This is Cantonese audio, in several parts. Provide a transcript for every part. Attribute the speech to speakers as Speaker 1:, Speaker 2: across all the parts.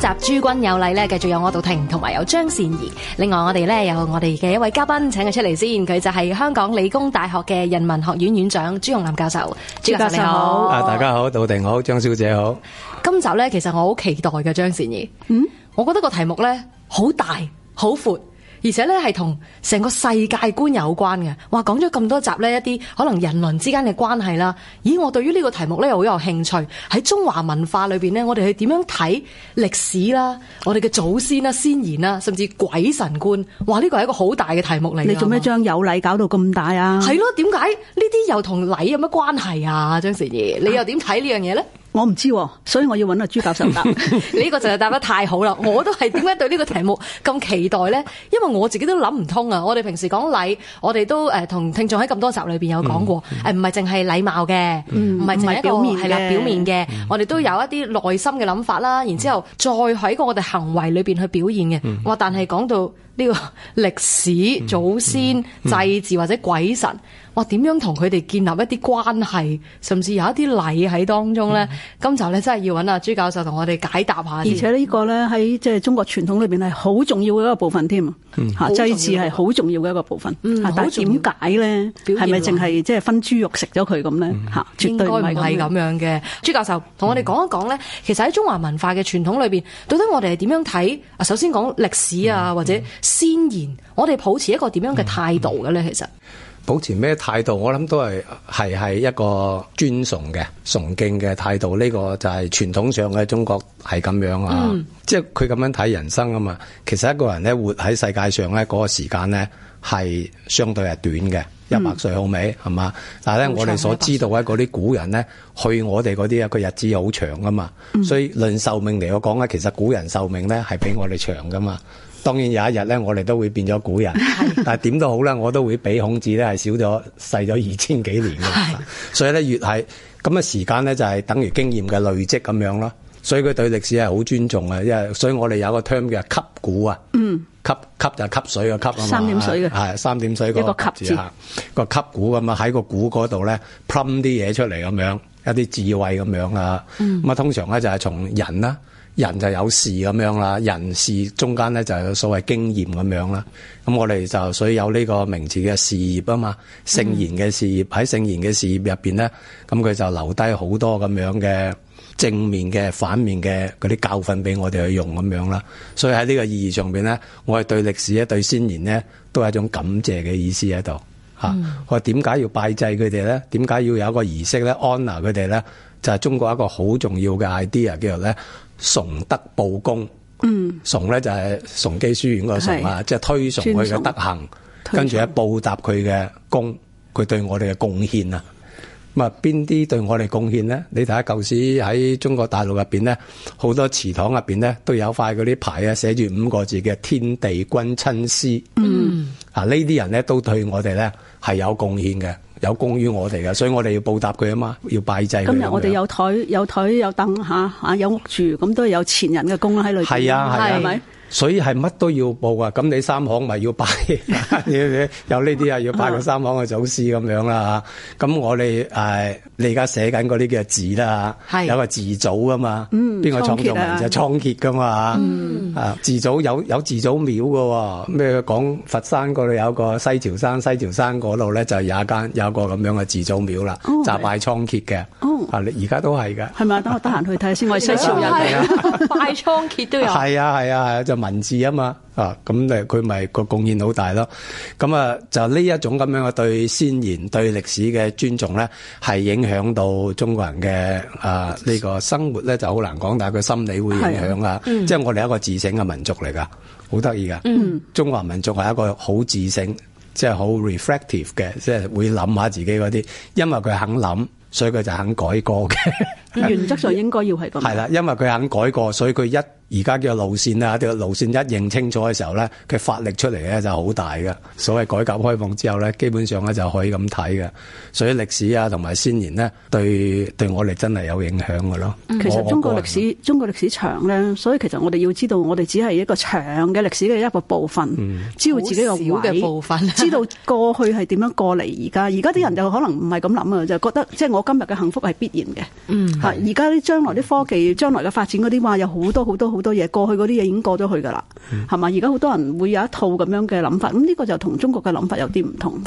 Speaker 1: 集諸君有禮咧，繼續有我杜婷，同埋有張善儀。另外我呢，我哋咧有我哋嘅一位嘉賓，請佢出嚟先。佢就係香港理工大學嘅人文學院院長朱鴻林教授。朱教授朱，你好。啊大家
Speaker 2: 好，杜婷好，張小姐好。
Speaker 1: 今集咧，其實我好期待嘅張善儀。嗯，我覺得個題目咧好大好闊。而且咧係同成個世界觀有關嘅，哇！講咗咁多集呢，一啲可能人倫之間嘅關係啦，咦？我對於呢個題目咧又好有興趣。喺中華文化裏邊呢，我哋係點樣睇歷史啦？我哋嘅祖先啦、先賢啦，甚至鬼神觀，哇！呢個係一個好大嘅題目嚟。你做咩將有禮搞到咁大啊？係咯？點解呢啲又同禮有乜關係啊？張成爺，你又點睇呢樣嘢咧？我唔知、啊，所以我要揾阿、啊、朱教授答。呢 個就係答得太好啦！我都係點解對呢個題目咁期待咧？因為我自己都諗唔通啊！我哋平時講禮，我哋都誒同、呃、聽眾喺咁多集裏邊有講過，誒唔係淨係禮貌嘅，唔係淨係一個係啦表面嘅。我哋都有一啲內心嘅諗法啦、嗯，然之後再喺個我哋行為裏邊去表現嘅。哇、嗯！但係講到呢、這個歷史、祖先、祭、嗯、祀、嗯嗯、或者鬼神。哇！點樣同佢哋建立一啲關係，甚至有一啲禮喺當中咧、嗯？今集咧真係要搵阿朱教授同我哋解答下。而且
Speaker 3: 呢個咧喺即係中國傳統裏邊係好重要嘅一個部分添。吓，祭祀係好重要嘅一個部分，嗯。但係點解咧？係咪淨係即係分豬肉食咗佢咁咧？吓、嗯，絕對唔係咁
Speaker 1: 樣嘅。朱教授同我哋講一講咧、嗯，其實喺中華文化嘅傳統裏邊，到底我哋係點樣睇？首先講歷史啊，或者先賢我哋抱持一個點樣嘅態
Speaker 2: 度嘅咧？其實。保持咩態度？我諗都係係係一個尊崇嘅、崇敬嘅態度。呢、這個就係傳統上嘅中國係咁樣啊，嗯、即係佢咁樣睇人生啊嘛。其實一個人咧活喺世界上咧嗰個時間咧係相對係短嘅，一百歲好尾係嘛？但係咧我哋所知道咧嗰啲古人咧去我哋嗰啲啊個日子好長噶嘛，所以論壽命嚟，我講咧，其實古人壽命咧係比我哋長噶嘛。當然有一日咧，我哋都會變咗古人， 但係點都好咧，我都會比孔子咧係少咗細咗二千幾年嘅， 所以咧越係咁嘅時間咧就係等於經驗嘅累積咁樣咯。所以佢對歷史係好尊重嘅，因為所以我哋有個 term 叫汲古」啊、嗯，吸吸就吸水嘅吸啊嘛，三點水嘅，係三點水，三點水一，個一個及字啊，一個汲古咁啊喺個古」嗰度咧，pump 啲嘢出嚟咁樣，一啲智慧咁樣啊，咁啊通常咧就係從人啦。人就有事咁樣啦，人事中間咧就有所謂經驗咁樣啦。咁我哋就所以有呢個名字嘅事業啊嘛，聖賢嘅事業喺聖賢嘅事業入面咧，咁佢就留低好多咁樣嘅正面嘅、反面嘅嗰啲教訓俾我哋去用咁樣啦。所以喺呢個意義上面咧，我係對歷史咧、對先賢呢，都係一種感謝嘅意思喺度吓。我點解要拜祭佢哋咧？點解要有一個儀式咧？honour 佢哋咧，就係、是、中國一個好重要嘅 idea 叫做咧，崇德報功，崇咧就係崇基書院個崇啊、嗯，即係推崇佢嘅德行，跟住咧報答佢嘅功，佢對我哋嘅貢獻啊。咁啊，邊啲對我哋貢獻咧？你睇下舊時喺中國大陸入邊咧，好多祠堂入邊咧都有塊嗰啲牌啊，寫住五個字嘅天地君親師。嗯，啊呢啲人咧都對我哋咧係有貢獻嘅。有功於我哋嘅，所以我哋要報答佢啊嘛，要拜祭佢。今日我哋有
Speaker 3: 台，有台，有凳嚇，有屋住，咁都係有前人嘅功喺裏面。係咪、啊？
Speaker 2: 所以係乜都要報啊！咁你三行咪要拜， 有呢啲啊要拜個三行嘅祖師咁樣啦嚇。咁我哋誒，你而家寫緊嗰啲嘅字啦嚇，有個字祖啊嘛，邊個創造文就倉頡噶嘛啊，字祖有有字祖廟嘅咩？講佛山嗰度有個西樵山，西樵山嗰度咧就有一間有個咁樣嘅字祖廟啦，祭拜倉頡嘅。啊，你而家、嗯嗯啊啊嗯哦哦哦啊、
Speaker 3: 都係噶。係咪？等我得閒去睇下先，我 係西樵朝人。 天 快
Speaker 2: 倉頡都有，係啊係啊，啊，啊就文字嘛啊嘛啊咁誒，佢咪個貢獻好大咯？咁啊就呢一種咁樣嘅對先賢、對歷史嘅尊重咧，係影響到中國人嘅啊呢個生活咧就好難講，但係佢心理會影響啊。即係我哋係一個自省嘅民族嚟㗎，好得意㗎。嗯，中華民族係一個好自省，即係好 reflective 嘅，即係會諗下自己嗰啲，因為佢肯諗。所以佢就肯改過嘅，
Speaker 3: 原則上應該要係咁。係啦，
Speaker 2: 因為佢肯改過，所以佢一。而家嘅路線啊，條路線一認清楚嘅時候呢，佢發力出嚟呢就好大嘅。所謂改革開放之後呢，基本上呢就可以咁睇嘅。所以歷史啊，同埋先賢呢，對對我哋真係有影響嘅咯、嗯。其實中國歷
Speaker 3: 史，中國歷史長呢，所以其實我哋要知道，我哋只係一個長嘅歷史嘅一個部分，知、嗯、道自己嘅部分、啊，知道過去係點樣過嚟而家。而家啲人就可能唔係咁諗啊，就覺得即係、就是、我今日嘅幸福係必然嘅。嗯，而家啲將來啲科技，嗯、將來嘅發展嗰啲話有好多好多好。好多嘢過去嗰啲嘢已經過咗去噶啦，係、嗯、嘛？而家好多人會有一套咁樣嘅諗法，咁、這、呢個就同中國嘅諗法有啲唔同。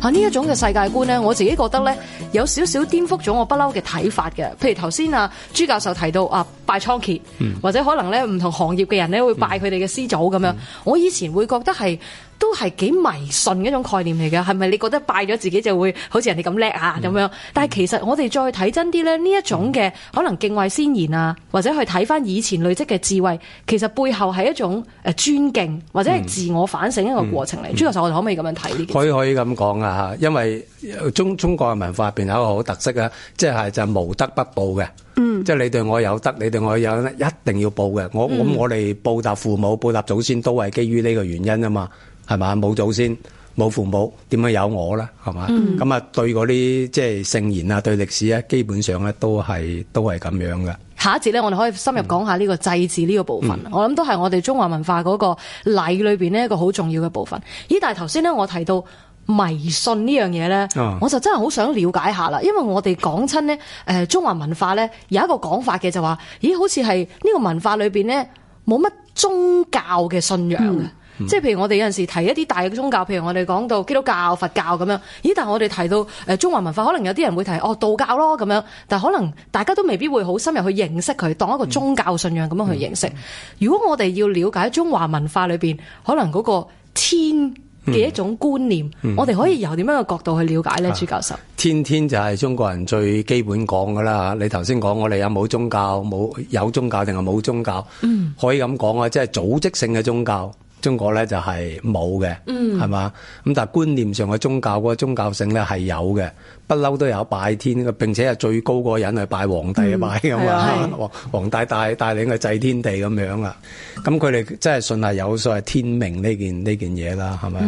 Speaker 1: 喺、嗯、呢一種嘅世界觀咧，我自己覺得咧。有少少顛覆咗我不嬲嘅睇法嘅，譬如頭先啊朱教授提到啊拜倉頡、嗯，或者可能咧唔同行業嘅人咧會拜佢哋嘅師祖咁樣，我以前會覺得係都係幾迷信的一種概念嚟嘅，係咪你覺得拜咗自己就會好似人哋咁叻啊咁樣？但係其實我哋再睇真啲咧，呢一種嘅可能敬畏先賢啊，或者去睇翻以前累積嘅智慧，其實背後係一種誒尊敬或者係自我反省的一個過程嚟、嗯嗯嗯。朱教授，我哋可唔可以咁樣睇呢？可以
Speaker 2: 可以咁講啊嚇，因為中中國嘅文化變成，有一個好特色啊，即係就係，無德不報嘅，即、嗯、
Speaker 1: 係、就是、你
Speaker 2: 對我有德，你對我有一定要報嘅。我咁我哋報答父母、嗯、報答祖先，都係基於呢個原因啊嘛，係嘛？冇祖先、冇父母，點樣有我呢？係嘛？咁、嗯、啊、就是，對嗰啲即係聖賢啊，對歷史咧，基本上咧都係都係咁樣噶。
Speaker 1: 下一節咧，我哋可以深入講下呢個祭祀呢個部分。嗯、我諗都係我哋中華文化嗰個禮裏邊呢一個好重要嘅部分。咦，但係頭先咧，我提到。迷信呢樣嘢呢，我就真係好想了解下啦。Oh. 因為我哋講親呢，誒中華文化呢，有一個講法嘅、就是，就話咦，好似係呢個文化裏邊呢，冇乜宗教嘅信仰嘅。Mm. 即係譬如我哋有陣時提一啲大嘅宗教，譬如我哋講到基督教、佛教咁樣。咦，但係我哋提到誒中華文化，可能有啲人會提哦道教咯咁樣，但係可能大家都未必會好深入去認識佢，當一個宗教信仰咁樣去認識。Mm. 如果我哋要了解中華文化裏邊，可能嗰個天嘅一種觀念，嗯嗯、我哋可以由點樣嘅角度去了解咧？朱教授，
Speaker 2: 天天就係中國人最基本講嘅啦嚇。你頭先講我哋有冇宗教，冇有宗教定係冇宗教？嗯，可以咁講啊，即係組織性嘅宗教，中國咧就係冇嘅，嗯，係嘛？咁但係觀念上嘅宗教嗰個宗教性咧係有嘅。不嬲都有拜天，並且係最高嗰個人去拜皇帝的拜咁、嗯、啊！皇帝帶帶領去祭天地咁樣啊！咁佢哋真係信係有所謂天命呢件呢件嘢啦，係咪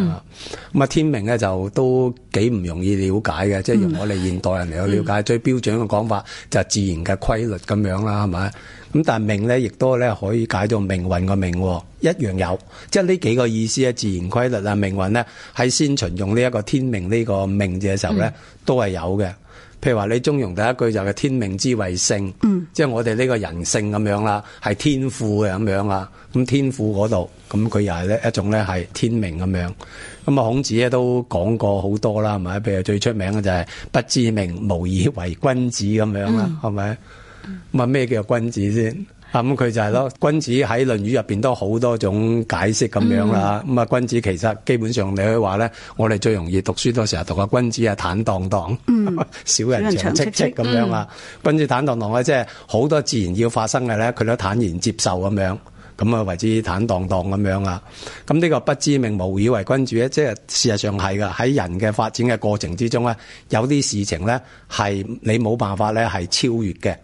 Speaker 2: 咁啊？天命咧就都幾唔容易了解嘅、嗯，即係用我哋現代人嚟去了解、嗯、最標準嘅講法就係自然嘅規律咁樣啦，係咪咁？但係命咧，亦都咧可以解到命運個命喎，一樣有，即係呢幾個意思咧，自然規律啊，命運咧喺先秦用呢一個天命呢個命字嘅時候咧。嗯都係有嘅，譬如話你中庸第一句就係、是、天命之謂性，嗯，即係我哋呢個人性咁樣啦，係天賦嘅咁樣啦，咁天賦嗰度，咁佢又係一一種咧係天命咁樣。咁啊孔子咧都講過好多啦，係咪？譬如最出名嘅就係、是、不知命，無以為君子咁樣啦，係、嗯、咪？咁咩叫做「君子」先？啊咁佢就係咯，君子喺《論語》入邊都好多種解釋咁樣啦，咁啊，君子其實基本上你可以話咧，我哋最容易讀書嗰時候讀個君子啊，坦蕩蕩，小人長戚戚咁樣啊。君子坦蕩蕩咧，即係好多自然要發生嘅咧，佢都坦然接受咁樣，樣，咁啊為之坦蕩蕩咁樣啊。咁呢、這個不知命無以為君子咧，即係事實上係噶。喺人嘅發展嘅過程之中咧，有啲事情咧係你冇辦法咧係超越嘅。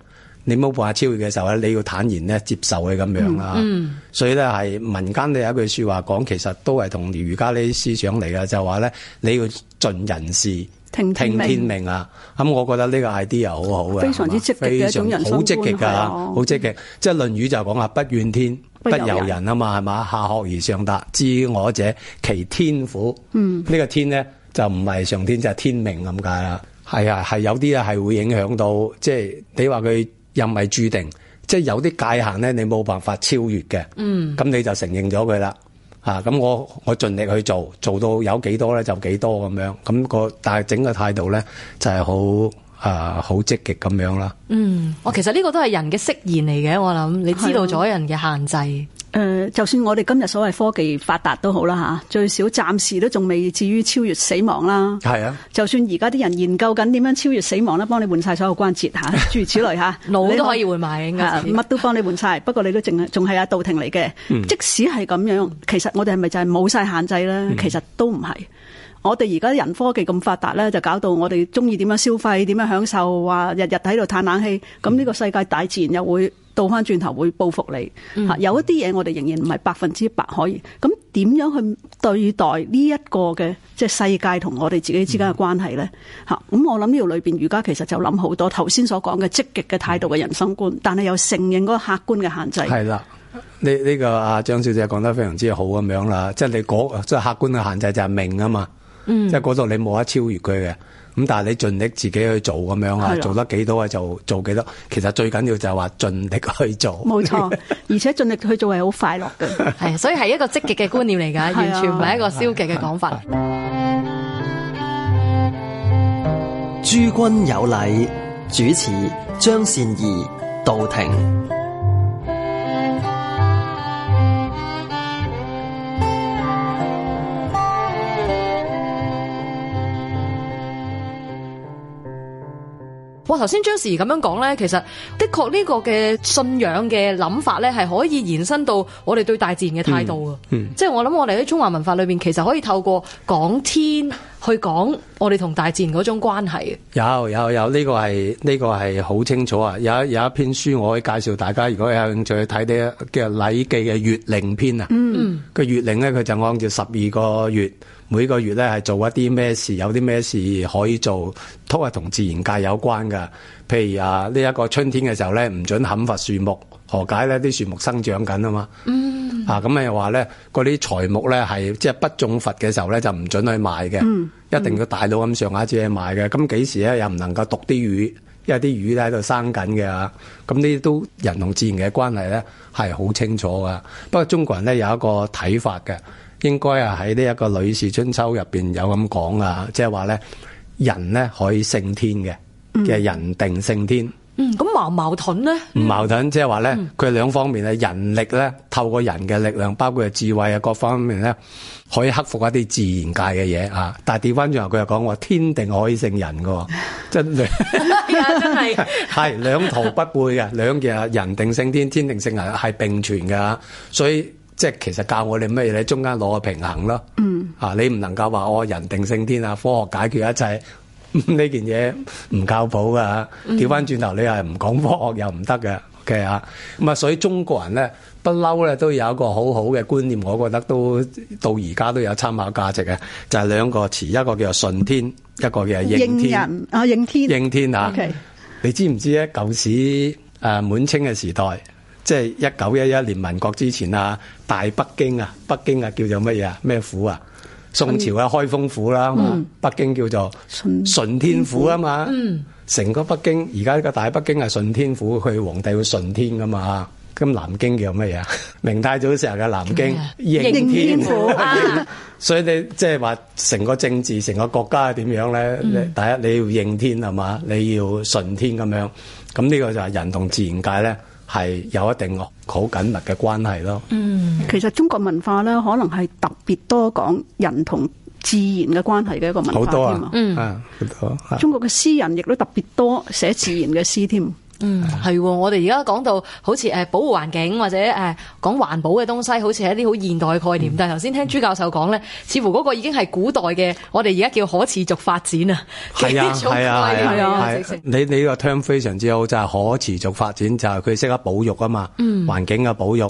Speaker 2: 你冇辦法超越嘅時候咧，你要坦然咧接受佢咁樣啦、嗯嗯。所以咧係民間咧有一句說話講，其實都係同儒家呢啲思想嚟嘅，就話咧你要盡人事，聽天命啊。咁、嗯、我覺得呢個 idea 好好嘅，非常之積極嘅一種人生觀，好積，嗯、積，積極，嗯、即係《論語》就講啊，不怨天，不，人不尤人啊嘛，係嘛？下學而上達，知我者其天乎？嗯，呢、呢個天呢，就唔係上天，就係、係、天命咁解啦。係啊，係有啲啊係會影響到，即係你話佢。又唔係注定，即係有啲界限咧，你冇辦法超越嘅。嗯，咁你就承認咗佢啦。嚇、啊，咁我我盡力去做，做到有幾多咧就幾多咁樣。咁個但係整個態度咧就係好啊，好、呃、積極咁樣啦。嗯，
Speaker 1: 我、哦、其實呢個都係
Speaker 3: 人嘅適應嚟嘅，我諗你知道咗人嘅限制。誒、呃，就算我哋今日所謂科技發達都好啦，最少暫時都仲未至於超越死亡啦。係啊，就算而家啲人研究緊點樣超越死亡咧，幫你換晒所有關節嚇， 諸如此類嚇，腦都可以換埋，乜、啊、都幫你換晒。 不過你都仲係阿杜庭嚟嘅。嗯、即使係咁樣，其實我哋係咪就係冇晒限制咧？嗯、其實都唔係。我哋而家啲人科技咁發達咧，就搞到我哋中意點樣消費、點樣享受，話日日喺度嘆冷氣。咁、嗯、呢個世界大自然又會，倒翻轉頭會報復你、嗯、有一啲嘢我哋仍然唔係百分之百可以。咁點樣去對待呢一個嘅即係世界同我哋自己之間嘅關係咧？嚇、嗯，咁我諗呢條裏面，儒家其實就諗好多頭先所講嘅積極嘅態度嘅人生觀，嗯、但係又承認嗰個客觀嘅限制。係
Speaker 2: 啦，呢呢、呢個阿張小姐講得非常之好咁樣啦，即、就、係、係、你嗰即係客觀嘅限制就係命啊嘛，即係嗰度你冇得超越佢嘅。咁但係你盡力自己去做咁樣啊，做得幾多就做幾多。其實最緊要就係話盡力去做錯。冇錯，
Speaker 3: 而且盡力去做係好快樂嘅， 係所以係一個積
Speaker 1: 極嘅觀念嚟噶， 完全唔係一個消極嘅講法。
Speaker 2: 諸君有禮，主持張善儀道庭。
Speaker 1: 我頭先張時咁樣講咧，其實的確呢個嘅信仰嘅諗法咧，係可以延伸到我哋對大自然嘅態度嗯,嗯，即係我諗我哋喺中華文化裏面，其實可以透過講天去講我哋同大自然嗰種關係
Speaker 2: 有有有，呢、這個係呢、這個係好清楚啊！有有一篇書我可以介紹大家，如果有興趣去睇啲嘅《禮記》嘅《月令篇》啊。嗯。個、嗯、月令咧，佢就按照十二個月。每個月咧係做一啲咩事，有啲咩事可以做，都係同自然界有關噶。譬如啊，呢、這、一個春天嘅時候咧，唔准砍伐樹木，何解咧？啲樹木生長緊啊嘛。嗯。啊，咁啊又話咧，嗰啲材木咧係即係不中伐嘅時候咧，就唔准去賣嘅、嗯。嗯。一定要大到咁上下先去賣嘅。咁幾時咧又唔能夠毒啲魚？因為啲魚咧喺度生緊嘅。咁呢啲都人同自然嘅關係咧係好清楚噶。不過中國人咧有一個睇法嘅。應該啊喺呢一個《呂氏春秋》入面有咁講啊，即係話咧人咧可以勝天嘅嘅、嗯、人定勝天。嗯，
Speaker 1: 咁矛矛盾呢？
Speaker 2: 唔矛盾，即係話咧佢兩方面咧，人力咧透過人嘅力量，包括智慧啊各方面咧，可以克服一啲自然界嘅嘢啊。但係調翻轉頭，佢又講話天定可以勝人嘅，真㗎，真係係兩途不悖嘅，兩嘢人定勝天，天定勝人係並存㗎，所以。即係其實教我哋咩嘢咧？你中間攞個平衡咯、嗯，啊你唔能夠話我人定勝天啊！科學解決一切呢、嗯、件嘢唔靠譜噶嚇。調翻轉頭，你係唔講科學又唔得嘅。OK 啊，咁啊，所以中國人咧不嬲咧都有一個好好嘅觀念，我覺得都到而家都有參考價值嘅，就係、是、兩個詞，一個叫做順天，一個叫應天。應天啊、哦，應天。應天嚇、啊。
Speaker 3: Okay.
Speaker 2: 你知唔知咧？舊時誒滿清嘅時代，即係一九一一年民國之前啊。大北京啊，北京啊叫做乜嘢啊？咩府啊？宋朝啊開封府啦、啊嗯，北京叫做順天府啊嘛。成、嗯、個北京而家個大北京係順天府，佢皇帝要順天噶、啊、嘛。咁南京叫乜嘢啊？明太祖時候嘅南京應天，應天府、啊應，所以你即係話成個政治、成個國家係點樣咧？第、嗯、一你要應天係、啊、嘛，你要順天咁、啊、樣。咁呢個就係人同自然界咧，係有一定好緊密嘅關係咯。嗯，
Speaker 3: 其實中國文化呢，可能係特別多講人同自然嘅關係嘅一個文化添啊。嗯、啊啊，
Speaker 2: 好多，中國
Speaker 3: 嘅詩人亦都特別多寫自然嘅詩添。嗯，係，我哋而
Speaker 1: 家講到好似誒保護環境或者誒講環保嘅東西，好似係一啲好現代嘅概念。嗯、但係頭先聽朱教授講咧，似乎嗰個已經係古代嘅，我哋而家叫可持續發展啊。
Speaker 2: 係、嗯、啊，係啊，係啊。你你呢個 term 非常之好，就係、是、可持續發展，就係佢識得保育啊嘛，環、嗯、境嘅保育。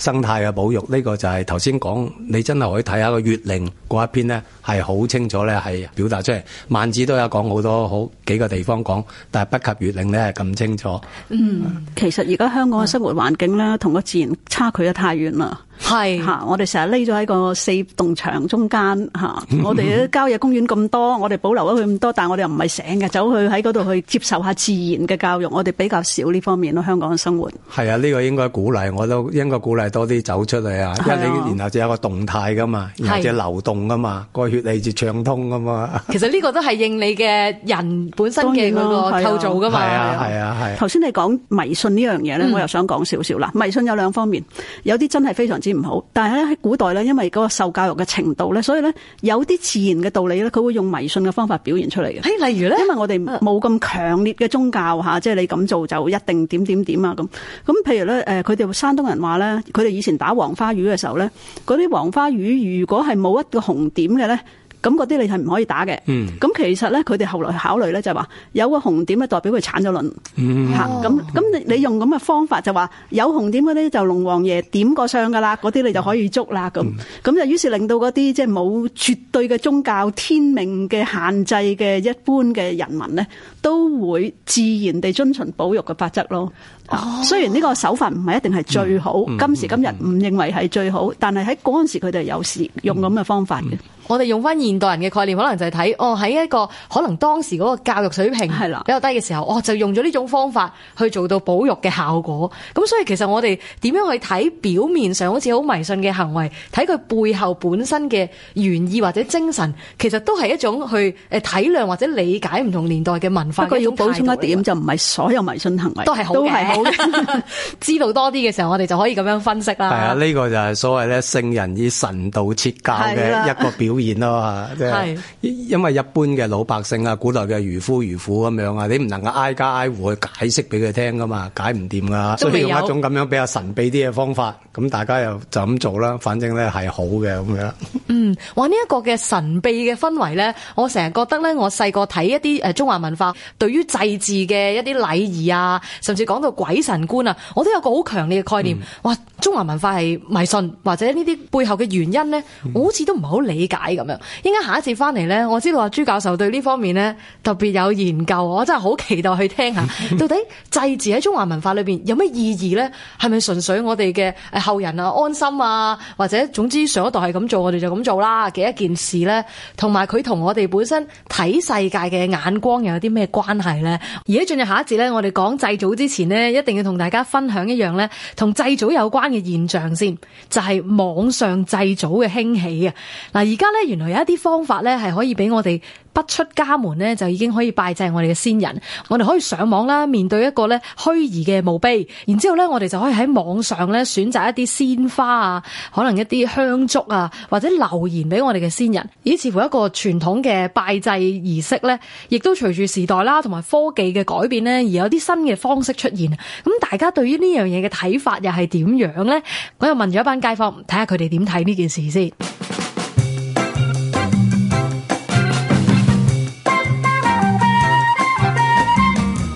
Speaker 2: 生態嘅保育呢個就係頭先講，你真係可以睇下個《月令》嗰一篇呢，係好清楚咧，係表達出嚟。萬子都有講好多好幾個地方講，但係不及《月令》呢係咁清楚。嗯，其
Speaker 3: 實而家香港嘅生活環境咧，同個自然差距得太遠啦。係吓、啊，我哋成日匿咗喺個四棟牆中間吓、啊，我哋郊野公園咁多，我哋保留咗佢咁多，但係我哋又唔係成嘅，走去喺嗰度去接受下自然嘅教育，我哋比較少呢方面咯。香港嘅生活
Speaker 2: 係啊，呢、這個應該鼓勵，我都應該鼓勵多啲走出嚟啊，因為你、啊、然後就有個動態噶嘛，然後就流動噶嘛，個血氣就暢通噶嘛。
Speaker 3: 其實呢個都係應你嘅人本身嘅嗰個構造噶嘛。係啊係啊係。頭先、啊啊啊啊啊、你講迷信呢樣嘢咧，我又想講少少啦。迷信有兩方面，有啲真係非常之。唔好，但係咧，喺古代咧，因為嗰個受教育嘅程度咧，所以咧有啲自然嘅道理咧，佢會用迷信嘅方法表現出嚟嘅。嘿，例如咧，因為我哋冇咁強烈嘅宗教吓，即係你咁做就一定點點點啊咁。咁譬如咧，誒，佢哋山東人話咧，佢哋以前打黃花魚嘅時候咧，嗰啲黃花魚如果係冇一個紅點嘅咧，咁嗰啲你係唔可以打嘅。咁、嗯、其實咧，佢哋後來考慮咧就係話，有個紅點咧代表佢產咗卵嚇。咁咁你你用咁嘅方法就話有紅點嗰啲就龍王爺點過相㗎啦，嗰啲你就可以捉啦。咁咁就於是令到嗰啲即係冇絕對嘅宗教天命嘅限制嘅一般嘅人民咧。都會自然地遵循保育嘅法則咯。Oh. 雖然呢個手法唔係一定係最好，mm. 今時今日唔認為係最好，mm. 但係喺嗰陣時佢哋有時用咁嘅方法嘅。Mm. 我哋用翻現代人嘅概念，可能就係睇哦喺一個可
Speaker 1: 能當時嗰個教育水平係啦比較低嘅時候，哦就用咗呢種方法去做到保育嘅效果。咁所以其實我哋點樣去睇表面上好似好迷信嘅行為，睇佢背後本身嘅原意或者精神，其實都係一種去誒體諒或者理解唔同年代嘅文化。不過要補充一點，就唔、是、係所有迷信行為都係好嘅。都好的 知道多啲嘅時候，我哋就可以咁樣分析啦。係啊，呢、這
Speaker 2: 個就係所謂咧聖人以神道設教嘅一個表現咯。係、就是，因為一般嘅老百姓啊，古代嘅愚夫愚婦咁樣啊，你唔能夠挨家挨戶去解釋俾佢聽噶嘛，解唔掂噶。所以用一種咁樣比較神秘啲嘅方法，咁大家又就咁做啦。反正咧係好嘅，咁樣。嗯，
Speaker 1: 哇！呢一個嘅神秘嘅氛圍咧，我成日覺得咧，我細個睇一啲誒中華文化。對於祭祀嘅一啲禮儀啊，甚至講到鬼神觀啊，我都有個好強烈嘅概念、嗯。哇！中華文化係迷信，或者呢啲背後嘅原因呢，我好似都唔係好理解咁樣。應該下一次翻嚟呢，我知道阿朱教授對呢方面呢特別有研究，我真係好期待去聽下，到底祭祀喺中華文化裏面有咩意義呢？係咪純粹我哋嘅後人啊安心啊，或者總之上一代係咁做，我哋就咁做啦嘅一件事呢，同埋佢同我哋本身睇世界嘅眼光又有啲咩？關係咧，而家進入下一節咧，我哋講祭祖之前咧，一定要同大家分享一樣咧，同祭祖有關嘅現象先，就係網上祭祖嘅興起啊！嗱，而家咧原來有一啲方法咧係可以俾我哋不出家門咧，就已經可以拜祭我哋嘅先人。我哋可以上網啦，面對一個咧虛擬嘅墓碑，然之後咧我哋就可以喺網上咧選擇一啲鮮花啊，可能一啲香燭啊，或者留言俾我哋嘅先人。咦，似乎一個傳統嘅拜祭儀式咧，亦都隨住時代。啦，同埋科技嘅改變咧，而有啲新嘅方式出現，咁大家對於呢樣嘢嘅睇法又係點樣咧？我又問咗一班街坊，睇下佢哋點睇呢件事先。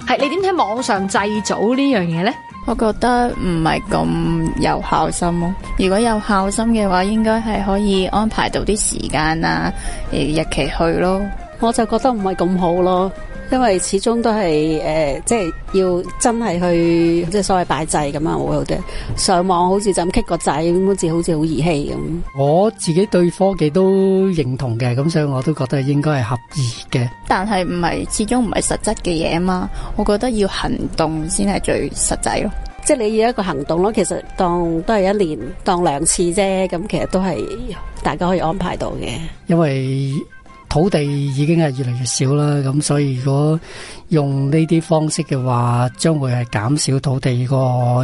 Speaker 1: 係 你點睇網上祭祖呢樣嘢咧？
Speaker 3: 我覺得唔係咁有孝心咯。如果有孝心嘅話，應該係可以安排到啲時間啊，誒日期去咯。我就覺得唔係咁好咯。因為始終都係誒、呃，即係要真係去即係所謂拜祭咁啊，我好啲。上網好似就咁 click 個掣，好似好似好兒戲咁。
Speaker 2: 我
Speaker 1: 自己對科技都認同嘅，咁所以我都覺得應該係合宜嘅。
Speaker 3: 但係唔係始終唔係實質嘅嘢啊嘛，我覺得要行動先係最實際咯。即係你要一個行動咯，其實當都係一年當兩次啫，咁其實都係大家可以安排到嘅。
Speaker 1: 因為，土地已經係越嚟越少啦，咁所以如果，用呢啲方式嘅話，將會係減少土地個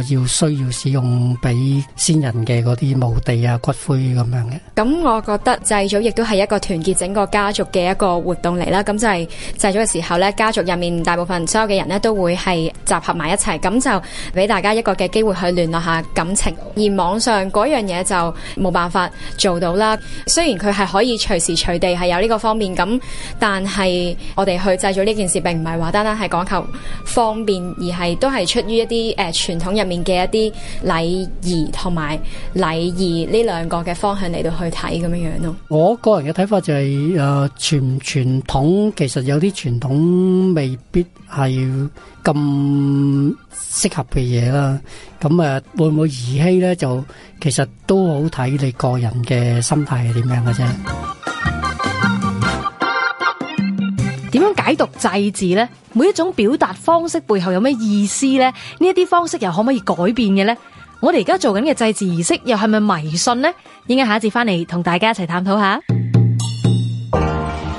Speaker 1: 要需要使用俾先人嘅嗰啲墓地啊、骨灰咁樣嘅。咁我覺得祭祖亦都係一個團結整個家族嘅一個活動嚟啦。咁就係祭祖嘅時候咧，家族入面大部分所有嘅人咧都會係集合埋一齊，咁就俾大家一個嘅機會去聯絡下感情。而網上嗰樣嘢就冇辦法做到啦。雖然佢係可以隨時隨地係有呢個方面，咁但係我哋去祭祖呢件事並唔係話得。係講求方便，而係都係出於一啲誒傳統入面嘅一啲禮儀同埋禮儀呢兩個嘅方向嚟到去睇咁樣樣咯。我個人嘅睇法就係誒傳傳統其實有啲傳統未必係咁適合嘅嘢啦。咁啊、呃、會唔會兒戲咧？就其實都好睇你個人嘅心態係點樣嘅啫。喺讀祭祀咧，每一種表達方式背後有咩意思咧？呢一啲方式又可唔可以改變嘅咧？我哋而家做緊嘅祭祀儀式又係咪迷信呢？依家下一節翻嚟同大家一齊探討下，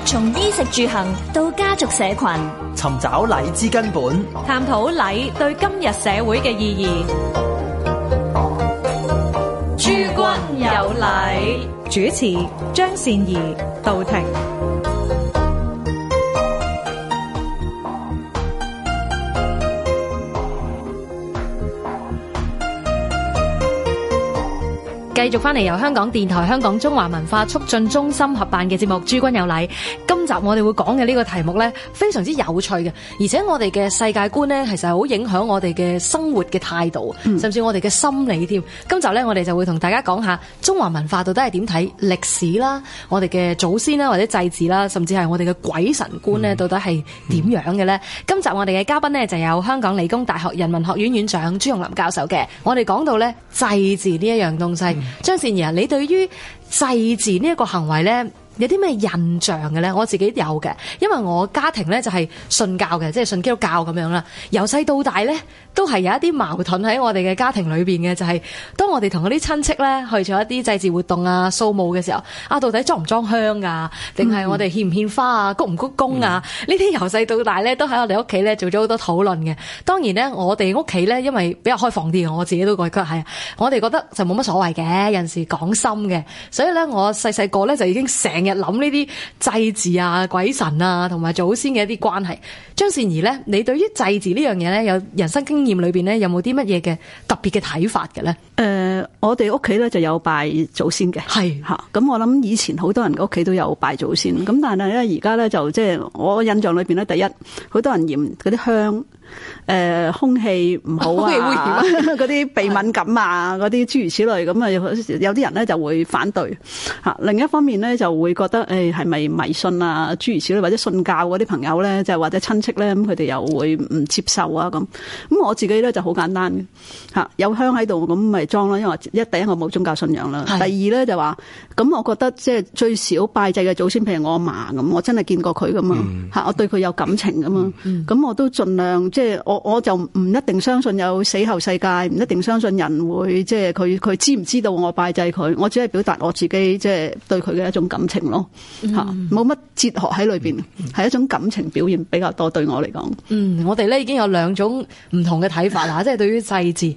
Speaker 1: 從衣食住行到家族社群，尋找禮之根本，探討禮對今日社會嘅意義。諸君有禮，主持張善儀到庭。繼續翻嚟由香港電台、香港中華文化促進中心合辦嘅節目《諸君有禮》。今集我哋會講嘅呢個題目呢，非常之有趣嘅，而且我哋嘅世界觀呢，其實好影響我哋嘅生活嘅態度，甚至我哋嘅心理添、嗯。今集呢，我哋就會同大家講下中華文化到底係點睇歷史啦，我哋嘅祖先啦，或者祭祀啦，甚至係我哋嘅鬼神觀呢，嗯、到底係點樣嘅呢、嗯？今集我哋嘅嘉賓呢，就有香港理工大學人文學院院，院長朱鴻林教授嘅。我哋講到呢，祭祀呢一樣東西。嗯張善宜啊，你對於祭祀呢一個行為呢，有啲咩印象嘅咧？我自己有嘅，因為我家庭咧就係信教嘅，即係信基督教咁樣啦。由細到大咧，都係有一啲矛盾喺我哋嘅家庭裏邊嘅，就係、是、當我哋同嗰啲親戚咧去做一啲祭祀活動啊、掃墓嘅時候，啊到底裝唔裝香啊？定係我哋獻唔獻花啊、鞠唔鞠躬啊？呢啲由細到大咧都喺我哋屋企咧做咗好多討論嘅。當然咧，我哋屋企咧因為比較開放啲，我自己都覺得係啊，我哋覺得就冇乜所謂嘅，有陣時講心嘅。所以咧，我細細個咧就已經成。日諗呢啲祭祀啊、鬼神啊，同埋祖先嘅一啲關係。張善儀咧，你對於祭祀呢樣嘢咧，有人生經驗裏邊咧，有冇啲乜嘢
Speaker 3: 嘅特別嘅睇法嘅咧？誒、呃，我哋屋企咧就有拜祖先嘅，係吓。咁、嗯、我諗以前好多人屋企都有拜祖先。咁但係咧，而家咧，就即係我印象裏邊咧，第一好多人嫌嗰啲香。誒、呃，空氣唔好啊，嗰、okay. 啲 鼻敏感啊，嗰啲諸如此類，咁啊有啲人咧就會反對吓。另一方面咧就會覺得誒，係咪迷信啊諸如此類，或者信教嗰啲朋友咧就或者親戚咧咁佢哋又會唔接受啊，咁。咁我自己咧就好簡單吓，有香喺度咁咪裝啦。因為一，第一我冇宗教信仰啦，第二咧就話咁我覺得即係最少拜祭嘅祖先，譬如我阿嫲，咁，我真係見過佢噶嘛吓、嗯，我對佢有感情噶嘛，咁、嗯嗯、我都盡量即即係我我就唔一定相信有死後世界，唔一定相信人會即係佢佢知唔知道我拜祭佢，我只係表達我自己即係對佢嘅一種感情咯吓，冇、嗯、乜哲學喺裏邊，係一種感情表現比較多對我嚟講。嗯，我哋咧已經有兩種唔同嘅睇法啦，即 係對於祭
Speaker 1: 祀，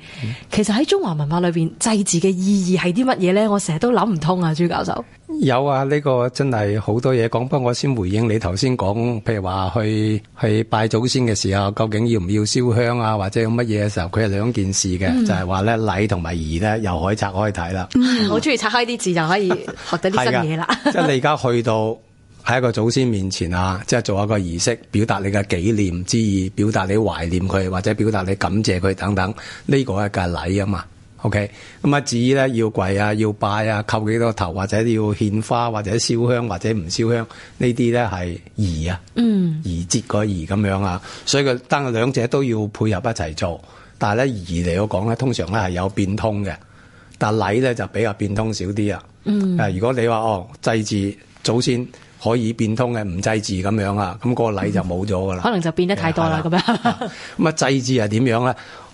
Speaker 1: 其實喺中華文化裏邊，祭祀嘅意義係啲乜嘢咧？我成日都諗唔通啊，朱教授。
Speaker 2: 有啊，呢、這個真係好多嘢講。不過我先回應你頭先講，譬如話去去拜祖先嘅時候，究竟要唔要燒香啊，或者有乜嘢嘅時候，佢係兩件事嘅。嗯，就係話咧禮同埋儀咧又可以拆開睇啦，嗯。
Speaker 1: 我中意拆開啲字就可以學得啲新嘢啦。即係你
Speaker 2: 而家去到喺一個祖先面前啊，即、就、係、是、做一個儀式，表達你嘅紀念之意，表達你懷念佢，或者表達你感謝佢等等，呢、這個係個禮啊嘛。O K，咁啊，至於咧要跪啊，要拜啊，叩幾多個頭，或者要獻花，或者燒香，或者唔燒香，呢啲咧係儀啊，儀，嗯，儀節個儀咁樣啊，所以佢單兩者都要配合一齊做。但係咧，儀嚟講咧，通常咧係有變通嘅，但禮咧就比較變通少啲啊。嗯，啊，如果你話哦，祭祀祖先可以變通嘅，唔祭祀咁樣啊，咁個禮就冇咗噶啦。可
Speaker 1: 能就變得太多啦，咁樣。
Speaker 2: 咁啊，祭祀係點樣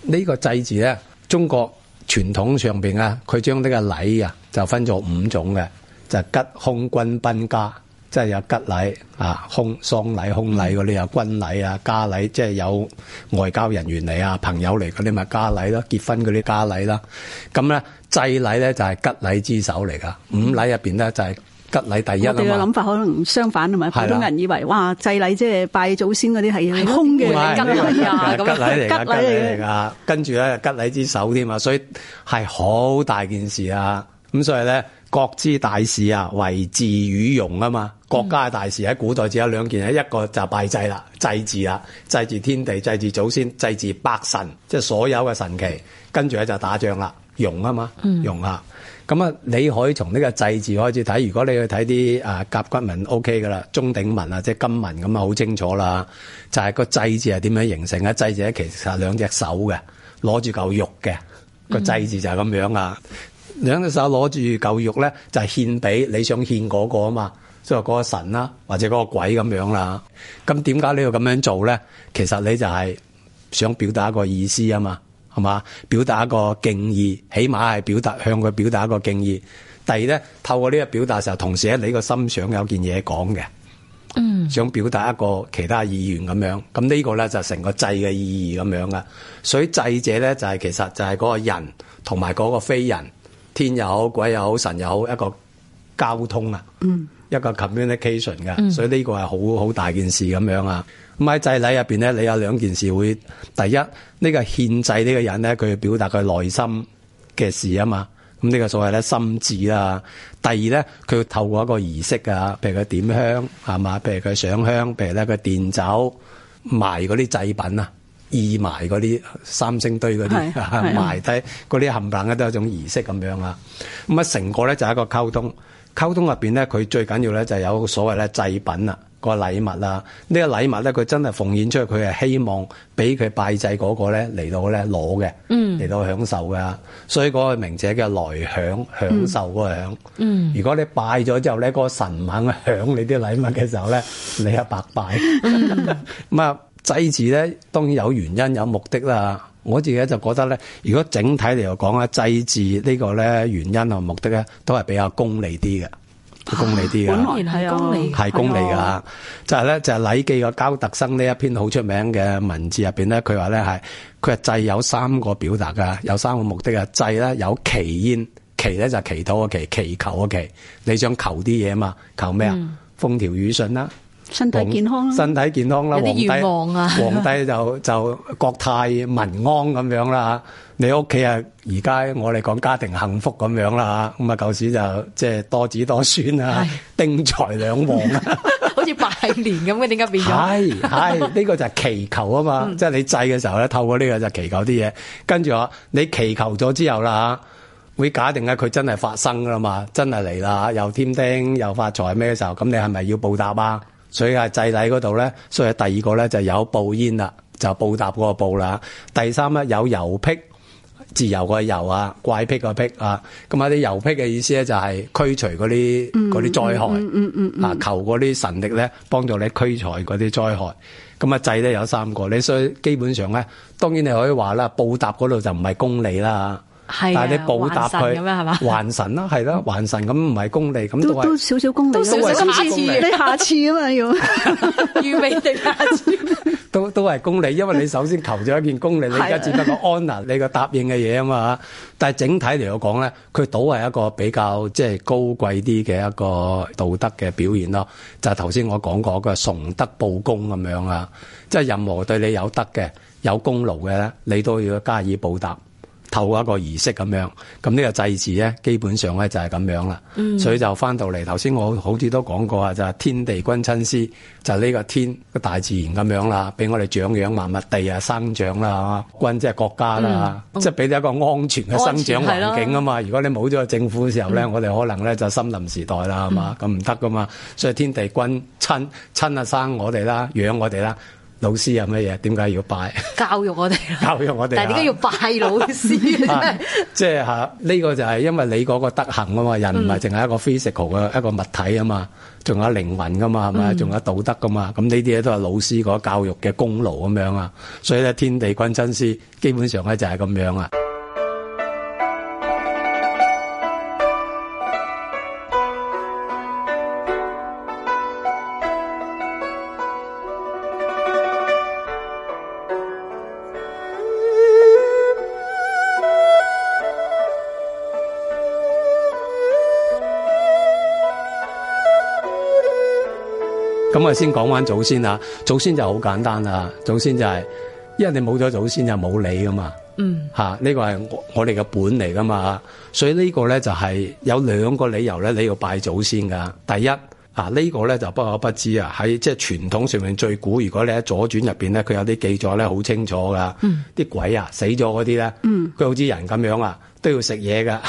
Speaker 2: 咧？呢個祭祀咧，中國。傳統上邊啊，佢將呢個禮啊就分咗五種嘅，就係、吉、凶、軍、賓、家，即係有吉禮啊、凶喪禮、凶禮嗰啲有軍禮啊、家禮，即係有外交人員嚟啊、朋友嚟嗰啲咪家禮咯、結婚嗰啲家禮啦。咁咧祭禮咧就係吉禮之首嚟噶，五禮入邊咧就係、係。吉禮第一啦嘛，我哋嘅諗
Speaker 3: 法可能相反，同埋普通人以為，哇祭禮即係拜祖先嗰啲係係空嘅吉禮嚟啊，咁樣嚟吉禮嚟、
Speaker 2: 啊、跟住咧吉禮之首添嘛，所以係好大件事啊。咁所以咧國之大事啊，為祀與戎啊嘛，國家嘅大事喺古代只有兩件、嗯，一個就拜祭啦，祭祀啦，祭祀天地，祭祀祖，祖，祖先，祭祀百神，即、就、係、是、所有嘅神祇。跟住咧就打仗啦，戎啊嘛，戎啊。戎啊，嗯，戎啊咁啊，你可以從呢個祭字開始睇。如果你去睇啲啊甲骨文，OK 噶啦，鐘鼎文啊，即係金文咁啊，好清楚啦。就係、是、個祭字係點樣形成、那個樣嗯就是就是、啊？祭字咧，其實兩隻手嘅，攞住嚿肉嘅。個祭字就係咁樣啊，兩隻手攞住嚿肉咧，就係獻俾你想獻嗰個啊嘛。即係嗰個神啦，或者嗰個鬼咁樣啦。咁點解你要咁樣做咧？其實你就係想表達一個意思啊嘛。係嘛？表達一個敬意，起碼係表達向佢表達一個敬意。第二咧，透過呢個表達時候，同時咧你個心想有件嘢講嘅，嗯，想表達一個其他意願咁樣。咁呢個咧就成、是、個祭嘅意義咁樣噶。所以祭者咧就係、是、其實就係嗰個人同埋嗰個非人，天又好，鬼又好，神又好，一個交通啊，嗯，一個 communication 嘅。所以呢個係好好大件事咁樣啊。咁喺祭禮入面咧，你有兩件事會第一，呢、呢個獻祭呢個人咧，佢要表達佢內心嘅事啊嘛。咁呢個所謂咧心志啦。第二咧，佢要透過一個儀式啊，譬如佢點香係嘛，譬如佢上香，譬如咧佢奠酒埋嗰啲祭品啊，意埋嗰啲三星堆嗰啲埋低嗰啲冚唪唥都係一種儀式咁樣啊。咁啊成個咧就係一個溝通，溝通入面咧佢最緊要咧就係有個所謂咧祭品啊。那個禮物啦，呢、呢個禮物咧，佢真係奉獻出嚟，佢係希望俾佢拜祭嗰個咧嚟到咧攞嘅，嚟到享受嘅、嗯。所以嗰個名者嘅來享享受嗰個享、嗯。如果你拜咗之後咧，嗰、那個、神唔肯享你啲禮物嘅時候咧，你係白拜。咁 啊， 祭祀咧當然有原因有目的啦。我自己就覺得咧，如果整體嚟講啊，祭祀呢個咧原因同目的咧，都係比較功利啲嘅。功利啲嘅，當然係功利嘅，就係咧就係禮記個郊特牲呢一篇好出名嘅文字入邊咧，佢話咧係佢係祭有三個表達噶，有三個目的啊。祭咧有祈焉，祈咧就祈禱嘅祈，祈求嘅祈，祈，祈。你想求啲嘢啊嘛？求咩啊？風調雨順啦。嗯身體健康啦，有啲願望啊。皇帝，皇帝就就國泰民安咁樣啦。吓， 你屋企啊，而家我哋講家庭幸福咁樣啦。吓，咁啊舊時就即係多子多孫啊，丁財兩旺啊。
Speaker 1: 好似拜年咁嘅，點 解變？係係
Speaker 2: 呢個就係祈求啊嘛。即 係你祭嘅時候咧，透過呢個就祈求啲嘢。跟住話，你祈求咗之後啦，吓會假定啊，佢真係發生噶啦嘛，真係嚟啦，又添丁又發財咩時候？咁你係咪要報答啊？所以啊，祭禮嗰度咧，所以第二個咧就有報恩啦，就報答嗰個報啦。第三咧有油癖，自由個油啊，怪癖個癖啊。咁啊啲油癖嘅意思咧就係驅除嗰啲嗰啲災害啊，嗯嗯嗯嗯嗯，求嗰啲神力咧幫助你驅除嗰啲災害。咁啊祭咧有三個，你所以基本上咧，當然你可以話啦，報答嗰度就唔係公理啦。係，但係你報答佢，還神啦，係啦，還神咁唔係功利咁，都都少少功利，都少下次，你下
Speaker 3: 次啊嘛，要 預 備定下
Speaker 2: 次。都都係功利，因為你首先求咗一片功利， 你而家只得個安那，你個答應嘅嘢啊嘛。但係整體嚟講咧，佢倒係一個比較即係高貴啲嘅一個道德嘅表現咯。就頭、是、先我講過個崇德報功咁樣啊，即、就、係、是、任何對你有德嘅、有功勞嘅咧，你都要加以報答。透過一個儀式咁樣，咁呢個祭祀咧，基本上咧就係咁樣啦、嗯。所以就返到嚟，頭先我好似都講過啊，就係、是、天地君親師，就呢、是、個天個大自然咁樣啦，俾我哋長養萬物地，地啊生長啦，君即係國家啦、嗯嗯，即係俾你一個安全嘅生長環境啊嘛。如果你冇咗個政府嘅時候咧、嗯，我哋可能咧就森林時代啦，係、嗯、嘛，咁唔得噶嘛。所以天地君親親啊生我哋啦，養我哋啦。老師有乜嘢？點解要拜？
Speaker 1: 教育我哋，
Speaker 2: 教育我哋。但係點解要拜老師啊？即係吓呢個就係因為你嗰個德行啊嘛，人唔係淨係一個 physical 嘅一個物體啊嘛，仲有靈魂噶嘛，係咪？仲有道德噶嘛。咁呢啲嘢都係老師個教育嘅功勞咁樣啊。所以咧，天地君親師，基本上咧就係咁樣啊。咁啊，先講翻祖先啦，祖先就好簡單啦，祖先就係、是，因為你冇咗祖先就冇你噶嘛，吓、嗯，呢、啊呢個係我我哋嘅本嚟噶嘛，所以呢個咧就係有兩個理由咧你要拜祖先噶，第一啊呢、呢個咧就不可不知啊，喺即係傳統上面最古，如果你喺左傳入邊咧，佢有啲記載咧好清楚噶，啲、嗯、鬼啊死咗嗰啲咧，佢好似人咁樣啊。都要食嘢噶，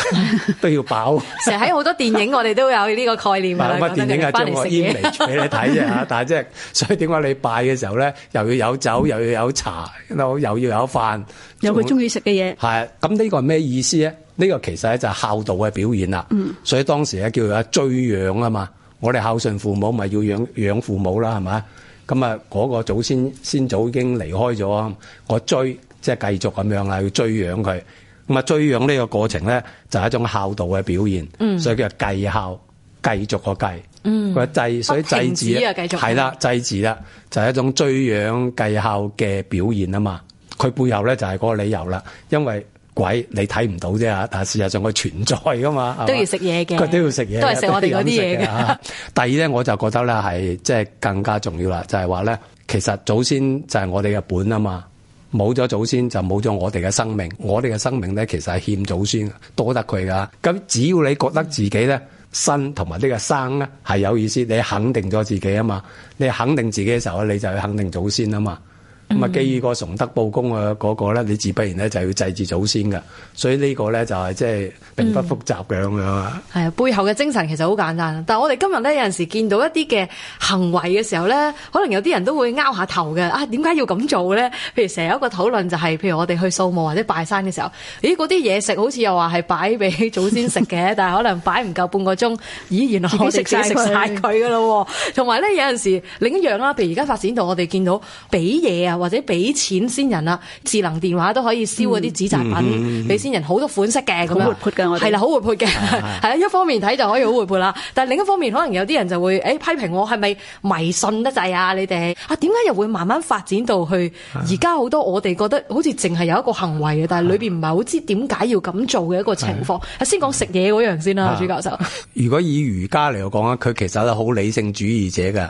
Speaker 2: 都要飽。
Speaker 1: 成日喺好多電影，我哋都有呢個概念。但係乜電影係做我煙嚟俾你睇啫嚇！
Speaker 2: 但係即係，所以點解你拜嘅時候咧，又要有酒，嗯、又要有茶，又要有飯，有佢中意食嘅嘢。係咁，呢個係咩意思咧？呢、呢個其實就係孝道嘅表現啦。嗯、所以當時咧叫做追養啊嘛，我哋孝順父母咪要養父母啦，係咪？咁啊嗰個祖先先祖已經離開咗，我追即係繼續咁樣啦，要追養佢。咁啊，追養呢個過程咧，就係一種孝道嘅表現，嗯，所以叫繼孝，繼續個繼，嗯個繼，所以祭祀啊，繼續係啦，祭祀啦，就係、是、一種追養繼孝嘅表現啊嘛。佢背後咧就係嗰個理由啦，因為鬼你睇唔到啫吓，但係事實上佢存在噶嘛，都要食
Speaker 1: 嘢嘅，佢都要
Speaker 2: 食嘢，都係食我哋嗰啲嘢嘅。 第二咧，我就覺得咧係即係更加重要啦，就係話咧，其實祖先就係我哋嘅本啊嘛。冇咗祖先就冇咗我哋嘅生命，我哋嘅生命咧其實係欠祖先多得佢噶。咁只要你覺得自己咧身同埋呢個生咧係有意思，你肯定咗自己啊嘛，你肯定自己嘅時候，你就去肯定祖先啊嘛。咁、嗯、啊，基於個崇德報功啊嗰個咧，你自不然咧就要祭祀祖先噶，所以呢個咧就係即係並不複雜嘅咁樣啊。
Speaker 1: 係、嗯、啊，背後嘅精神其實好簡單，但係我哋今日咧有陣時見到一啲嘅行為嘅時候咧，可能有啲人都會拗下頭嘅啊，點解要咁做咧？譬如成日有一個討論就係、是，譬如我哋去掃墓或者拜山嘅時候，咦嗰啲嘢食好似又話係擺俾祖先食嘅， 但係可能擺唔夠半個鐘，咦原來我自己食晒佢㗎咯喎。同埋咧有陣時另一樣啦，譬如而家發展到我哋見到俾嘢啊。或者俾錢先人啊，智能電話都可以燒，嗰啲紙紮品俾、嗯嗯嗯、先人，好多款式嘅咁樣，活潑嘅我哋係啦，好活潑嘅，係一方面睇就可以好活潑啦。 但係另一方面，可能有啲人就會誒、欸、批評我係咪迷信得滯啊？你哋啊，點解又會慢慢發展到去而家好多我哋覺得好似淨係有一個行為嘅，但係裏邊唔係好知點解要咁做嘅一個情況。先講食嘢嗰樣先啦，朱教授。
Speaker 2: 如果以儒家嚟講佢其實係好理性主義者嘅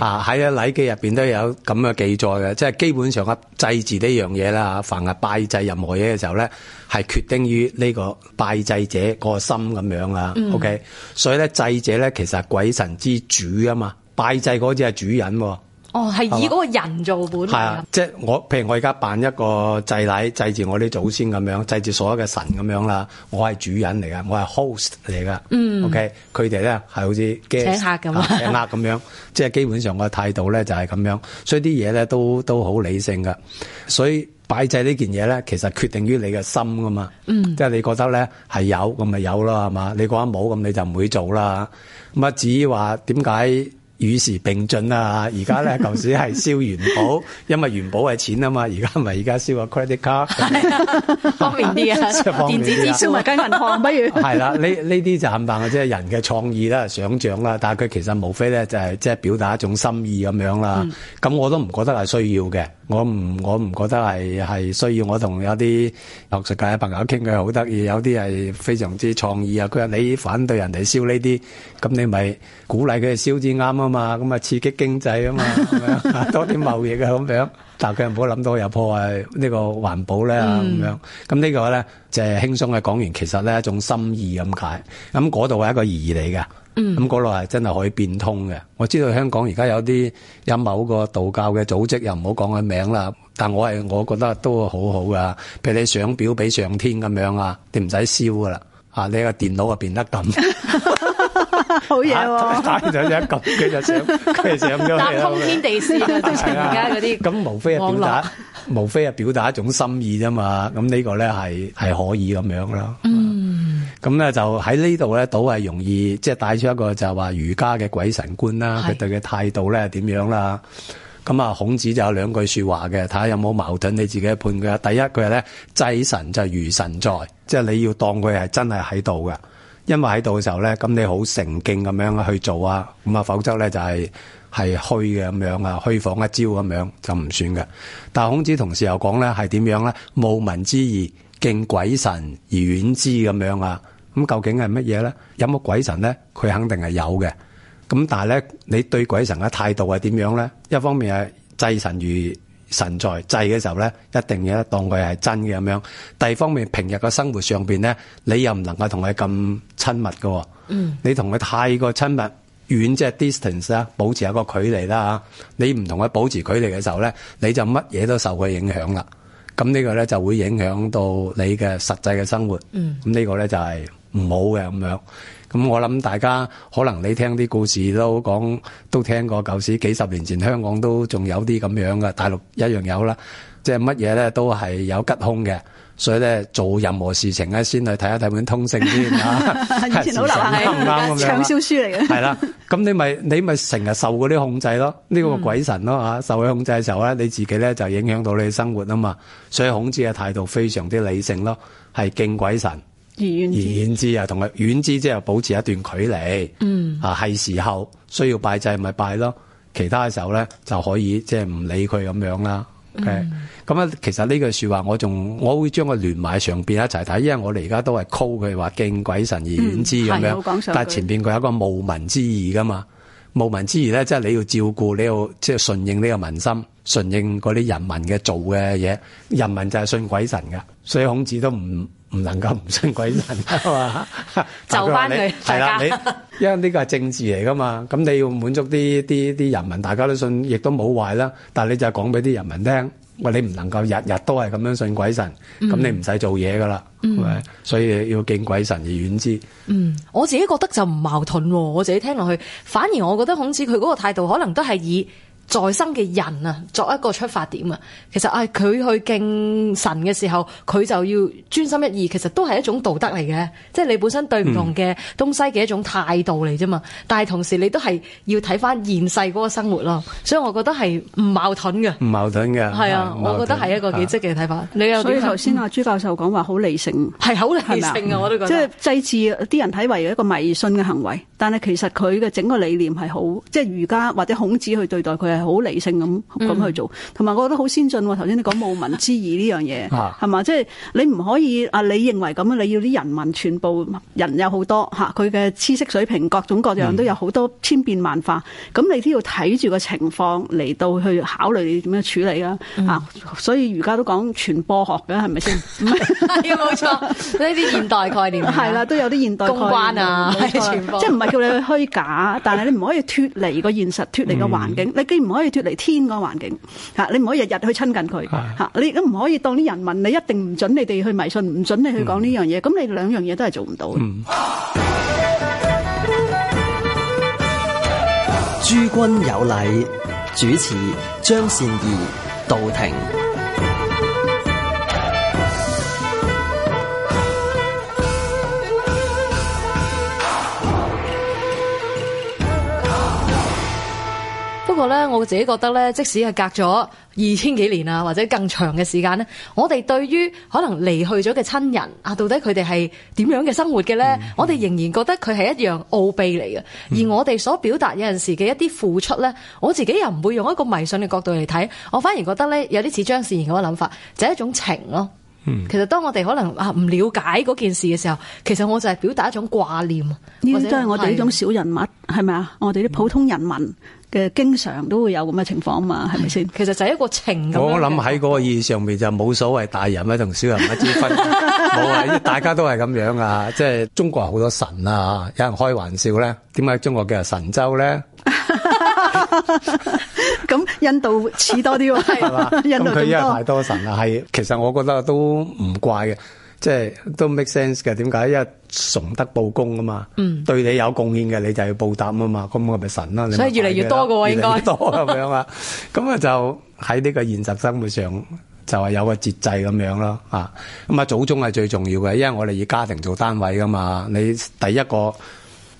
Speaker 2: 啊，喺啊禮記入邊都有咁嘅記載嘅，即係基本上啊，祭祀呢樣嘢啦，凡係拜祭任何嘢嘅時候咧，係決定於呢個拜祭者個心咁樣啊。嗯、okay？所以咧祭者咧其實係鬼神之主啊嘛，拜祭嗰隻係主人。
Speaker 1: 哦，係以嗰個人做本。係啊，
Speaker 2: 即係我，譬如我而家辦一個祭禮，祭祀我啲祖先咁樣，祭祀所有嘅神咁樣啦。我係主人嚟噶，我係 host 嚟噶。嗯。OK，佢哋咧係好似請客咁、啊，請客咁樣。 即係基本上個態度咧就係咁樣，所以啲嘢咧都都好理性噶。所以擺祭呢件嘢咧，其實決定於你嘅心噶嘛。嗯。即係你覺得咧係有，咁咪有咯，係嘛？你覺得冇，咁你就唔會做啦。咁啊至於話點解？與時並進啊。而家咧舊時係燒元寶，因為元寶係錢啊嘛。而家唔係而家燒個 credit card，
Speaker 3: 方便啲點啊，電、 啊、子支付咪跟銀行不如。係啦，
Speaker 2: 呢呢啲就冚唪唥，即係人嘅創意啦、想象啦。但係佢其實無非咧就係即係表達一種心意咁樣啦。咁我都唔覺得係需要嘅，我唔我唔覺得係係需要。我同有啲學術界嘅朋友傾偈好得意，有啲係非常之創意啊。佢話你反對人哋燒呢啲，咁你咪鼓勵佢哋燒至啱啊！啊嘛，咁啊刺激經濟啊嘛，多啲貿易啊咁樣。但佢唔好諗到又破壞呢個環保咧咁、嗯、樣。咁、這、呢個咧就係輕鬆嘅講完，其實咧一種心意咁解。咁嗰度係一個意義嚟嘅，咁嗰度係真係可以變通嘅。我知道香港而家有啲有某個道教嘅組織，又唔好講佢名啦。但我係我覺得都好好噶，譬如你上表俾上天咁樣啊，你唔使燒噶啦，啊你個電腦啊變得咁。 好嘢喎！打完、啊、 就一撳，佢就上，佢就上咗打通天
Speaker 3: 地事！而家嗰啲
Speaker 2: 咁，無非係表達，無非係表達一種心意啫嘛。咁呢個咧係係可以咁樣啦。咁、嗯、咧、啊、就喺呢度咧，倒係容易，即係帶出一個就話儒家嘅鬼神觀啦，佢對嘅態度咧係點樣啦。咁啊，孔子就有兩句說話嘅，睇下有冇矛盾，你自己判佢。第一句咧，祭神就如神在，即、就、係、是、你要當佢係真係喺度嘅。因為喺度嘅時候咧，咁你好誠敬咁樣去做啊，咁啊否則咧就係係虛嘅咁樣啊，虛晃一招咁樣就唔算嘅。但孔子同時又講咧係點樣咧？務民之義，敬鬼神而遠之咁樣啊。咁究竟係乜嘢咧？有冇鬼神咧？佢肯定係有嘅。咁但係咧，你對鬼神嘅態度係點樣咧？一方面係祭神如神在祭嘅時候咧，一定要當佢係真嘅咁樣。第二方面，平日嘅生活上邊咧，你又唔能夠同佢咁親密噶。嗯，你同佢太過親密，遠即係 distance 啦，保持一個距離啦吓。你唔同佢保持距離嘅時候咧，你就乜嘢都受佢影響啦。咁呢個咧就會影響到你嘅實際嘅生活。這嗯，咁呢個咧就係唔好嘅咁樣。咁、嗯、我諗大家可能你聽啲故事都講，都聽過舊時幾十年前香港都仲有啲咁樣嘅，大陸一樣有啦。即係乜嘢咧，都係有吉凶嘅。所以咧，做任何事情咧，先去睇一睇本通勝先 以前好流行係暢銷書嚟嘅。係 啦，咁你咪你咪成日受嗰啲控制咯，呢、這個鬼神咯，受佢控制嘅時候咧，你自己咧就影響到你嘅生活啊嘛。所以孔子嘅態度非常之理性咯，係敬鬼神。遠之啊，同埋遠之，遠之即係保持一段距離。嗯，啊係時候需要拜祭咪拜咯，其他嘅時候咧就可以即係唔理佢咁樣啦。咁、嗯、啊，okay? 其實呢句說話我仲我會將佢聯埋上邊一齊睇，因為我哋而家都係 call 佢話敬鬼神而遠之咁、嗯、樣。說說但係前邊佢有一個務民之義噶嘛，務民之義咧即係你要照顧，你要即係順應呢個民心，順應嗰啲人民嘅做嘅嘢，人民就係信鬼神噶，所以孔子都唔。唔能夠唔信鬼神噶嘛， 就翻佢係啦。你因為呢個係政治嚟噶嘛，咁你要滿足啲啲啲人民，大家都信，亦都冇壞啦。但係你就講俾啲人民聽，喂，你唔能夠日日都係咁樣信鬼神，咁你唔使做嘢噶啦，係咪？嗯，所以要敬鬼神而遠之。嗯，
Speaker 1: 我自己覺得就唔矛盾。我自己聽落去，反而我覺得孔子佢嗰個態度，可能都係以。在生嘅人啊，作一個出發點啊，其實啊，佢、哎、去敬神嘅時候，佢就要專心一意，其實都係一種道德嚟嘅，即係你本身對唔同嘅東西嘅一種態度嚟啫嘛。嗯、但係同時你都係要睇翻現世嗰個生活咯，所以我覺得係唔矛
Speaker 2: 盾嘅，唔矛盾嘅，係啊，啊我覺得係一個幾積極嘅睇法。
Speaker 3: 啊、你又對頭先阿朱教授講話好理性，係好理性啊，我都覺得、嗯、即係祭祀啲人睇為一個迷信嘅行為，但係其實佢嘅整個理念係好即係儒家或者孔子去對待佢。好、就是、理性咁咁去做，同、嗯、埋我覺得好先進喎。頭先你講無民之義呢樣嘢，係、啊、嘛？即係、就是、你唔可以啊！你認為咁啊？你要啲人民全部人有好多嚇，佢嘅知識水平各種各樣都有好多千變萬化。咁、嗯、你都要睇住個情況嚟到去考慮你點樣處理、嗯、啊。所以而家都講傳播學嘅係咪先？冇 錯，呢啲現代概念係啦， 都有啲現代概念公關啊，即係唔係叫你去虛假， 但係你唔可以脱離個現實，脱離個環境，嗯、你唔可以脫離天個環境，吓，你唔可以日日去親近佢，吓、啊、你亦都唔可以當啲人民，你一定唔准你哋去迷信，唔准你去講呢樣嘢，咁你兩樣嘢都係做唔到。嗯，
Speaker 2: 諸、嗯、君有禮，主持張善儀到庭。
Speaker 1: 不過咧，我自己覺得咧，即使係隔咗二千幾年啊，或者更長嘅時間呢，我哋對於可能離去咗嘅親人啊，到底佢哋係點樣嘅生活嘅咧，嗯嗯，我哋仍然覺得佢係一樣奧秘嚟嘅。而我哋所表達有陣時嘅一啲付出咧，嗯，我自己又唔會用一個迷信嘅角度嚟睇，我反而覺得咧，有啲似張善賢嗰個諗法，就係、是、一種情咯，嗯。其實當我哋可能啊唔
Speaker 3: 了解嗰件事嘅時候，其實我就係表達一種掛念，或者都係我哋呢種小人物，係咪啊？我哋啲普通人民。嘅經常都會有咁嘅情況嘛，係咪先？其實就係一個情，情我諗
Speaker 2: 喺嗰個意義上面，就冇所謂大人同小人一之分。冇 啊！大家都係咁樣啊，即係中國好多神啊，有人開玩笑咧，點解中國叫神州咧？
Speaker 3: 咁 印度似多啲喎，係 印度咁佢 因為太
Speaker 2: 多神啦，係其實我覺得都唔怪嘅。即係都 make sense 嘅，點解？因為崇德報功啊嘛、嗯，對你有貢獻嘅，你就要報答啊嘛。咁我咪神啦、啊。所以越嚟越多嘅喎，應該越越多咁 樣啊。咁啊，就喺呢個現實生活上，就係、是、有個節制咁樣咯。啊，咁啊，祖宗係最重要嘅，因為我哋以家庭做單位噶嘛。你第一個。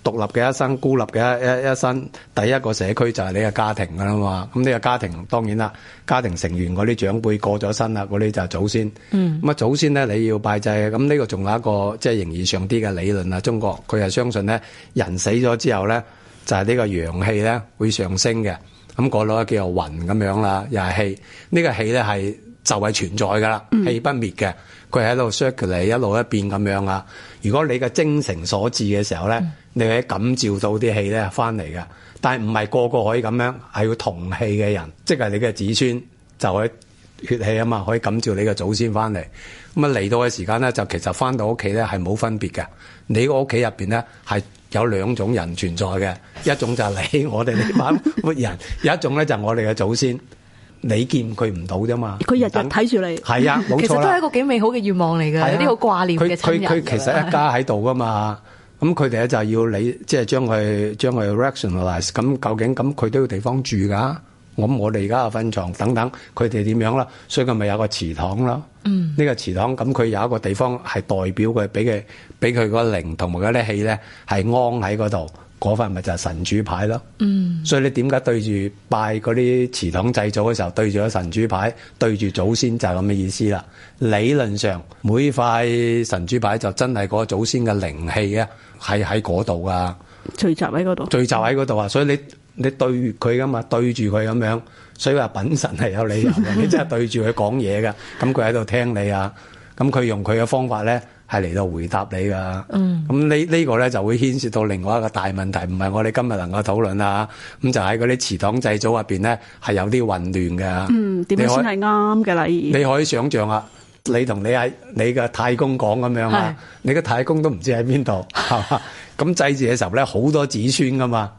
Speaker 2: 獨立嘅一生，孤立嘅一一一生，第一個社區就係你嘅家庭㗎啦嘛。咁呢個家庭當然啦，家庭成員嗰啲長輩過咗身啦，嗰啲就祖先。嗯。咁啊，祖先咧你要拜祭。咁呢個仲有一個即係形而上啲嘅理論啊。中國佢係相信咧，人死咗之後咧，就係呢個陽氣咧會上升嘅。咁嗰攞叫做魂咁樣啦，又係氣。呢個氣咧係就係存在㗎啦，氣不滅嘅。佢喺度 circle 一路一變咁樣啊。如果你嘅精誠所致嘅時候咧，嗯你可以感召到啲氣咧翻嚟㗎，但係唔係個個可以咁樣，係要同氣嘅人，即係你嘅子孫，就可以血氣啊嘛，可以感召你嘅祖先翻嚟。咁啊嚟到嘅時間咧，就其實翻到屋企咧係冇分別嘅。你個屋企入面咧係有兩種人存在嘅，一種就係你我哋呢班活人，有 一種咧就係我哋嘅祖先。你見佢唔到啫嘛？
Speaker 1: 佢日日睇住你。係啊，其實都係一個幾美好嘅願望嚟嘅，啊，有啲好掛念嘅親人。佢佢佢其實一家喺
Speaker 2: 度㗎嘛。 咁佢哋咧就要理，即係將佢將佢 rationalize 咁，究竟咁佢都要地方住噶？咁我哋而家嘅分床等等，佢哋點樣啦？所以佢咪有個祠堂咯？呢、嗯這個祠堂咁佢有一個地方係代表佢俾佢俾佢個靈同埋嗰啲氣咧，係安喺嗰度。嗰塊咪就係神主牌咯。嗯，所以你點解對住拜嗰啲祠堂祭祖嘅時候，對住咗神主牌，對住祖先，就係咁嘅意思啦。理論上每塊神主牌就真係嗰祖先嘅靈氣啊，係喺嗰度噶，聚集喺嗰度，聚集喺嗰度啊。所以你你對佢噶嘛，對住佢咁樣，所以話稟神係有理由嘅，你真係對住佢講嘢噶，咁佢喺度聽你啊，咁佢用佢嘅方法咧。係嚟到回答你噶，咁呢呢個咧就會牽涉到另外一個大問題，唔係我哋今日能夠討論啦。咁就喺嗰啲祠堂祭祖入邊咧，係有啲混亂㗎。嗯，點樣先係
Speaker 3: 啱嘅啦？你
Speaker 2: 可以想象啊，你同你喺你嘅太公講咁樣啊，你嘅太公都唔知喺邊度。咁 祭祀嘅時候咧，好多子孫噶嘛。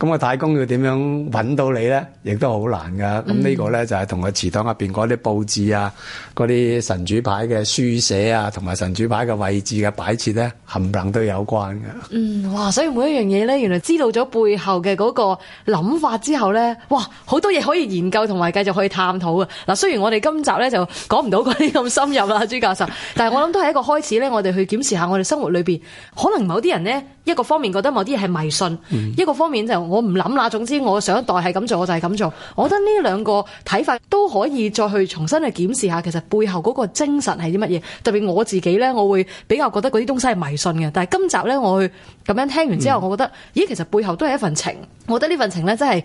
Speaker 2: 咁我太公要點樣揾到你咧，亦都好難噶。咁、嗯、呢、這個咧就係同個祠堂入邊嗰啲佈置啊，嗰啲神主牌嘅書寫啊，同埋神主牌嘅位置嘅擺設咧，冚唪能都有關㗎。嗯，
Speaker 1: 哇！所以每一樣嘢咧，原來知道咗背後嘅嗰個諗法之後咧，哇！好多嘢可以研究同埋繼續去探討啊。嗱，雖然我哋今集咧就講唔到嗰啲咁深入啦，朱教授，但係我諗都係一個開始咧， 我哋去檢視下我哋生活裏面，可能某啲人咧。一個方面覺得某啲嘢係迷信，嗯，一個方面就我唔諗啦。總之，我上一代係咁做，我就係咁做。我覺得呢兩個睇法都可以再去重新去檢視下，其實背後嗰個精神係啲乜嘢。特別我自己呢，我會比較覺得嗰啲東西係迷信嘅。但係今集呢，我去咁樣聽完之後，嗯，我覺得，咦，其實背後都係一份情。我覺得呢份情呢，真係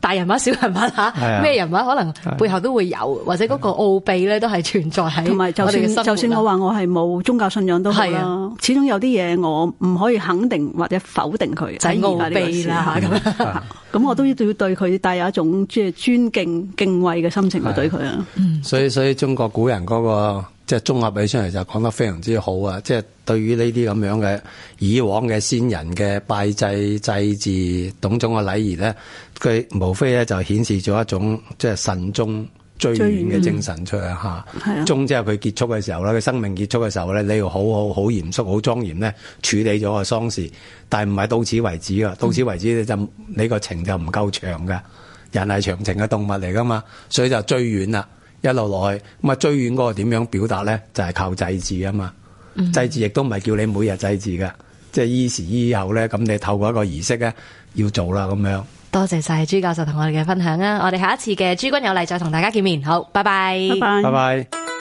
Speaker 1: 大人物、小人物吓，咩、啊、人物可能背後
Speaker 3: 都會有，或者嗰個奧秘呢都係存在喺。同埋，就算就算我話我係冇宗教信仰都係、啊、始終有啲嘢我唔可以肯定。或者否定佢，就傲卑啦，吓咁樣，咁 我都要對佢帶有一種即係尊敬敬畏嘅心情去對佢
Speaker 2: 啊。所以所以中國古人嗰個，即係綜合起上嚟就講得非常之好啊！即係對於呢啲咁樣嘅以往嘅先人嘅拜祭祭祀董總嘅禮儀咧，佢無非咧就顯示咗一種即係慎終。就是追遠嘅精神出去下，終之後佢結束嘅時候咧，佢生命結束嘅時候咧，你要好好好嚴肅、好莊嚴咧處理咗個喪事，但係唔係到此為止噶，到此為止、嗯、你就你個情就唔夠長噶，人係長情嘅動物嚟噶嘛，所以就追遠啦，一路落去，咁啊追遠嗰個點樣表達咧，就係、是、靠祭祀啊嘛，祭祀亦都唔係叫你每日祭祀噶，即、就、係、是、依時依候咧，咁你透過一個儀式咧要做啦咁樣。
Speaker 1: 多謝晒朱教授同我哋嘅分享啊！我哋下一次嘅諸君有禮再同大家見面，好，拜拜，拜拜，拜
Speaker 2: 拜。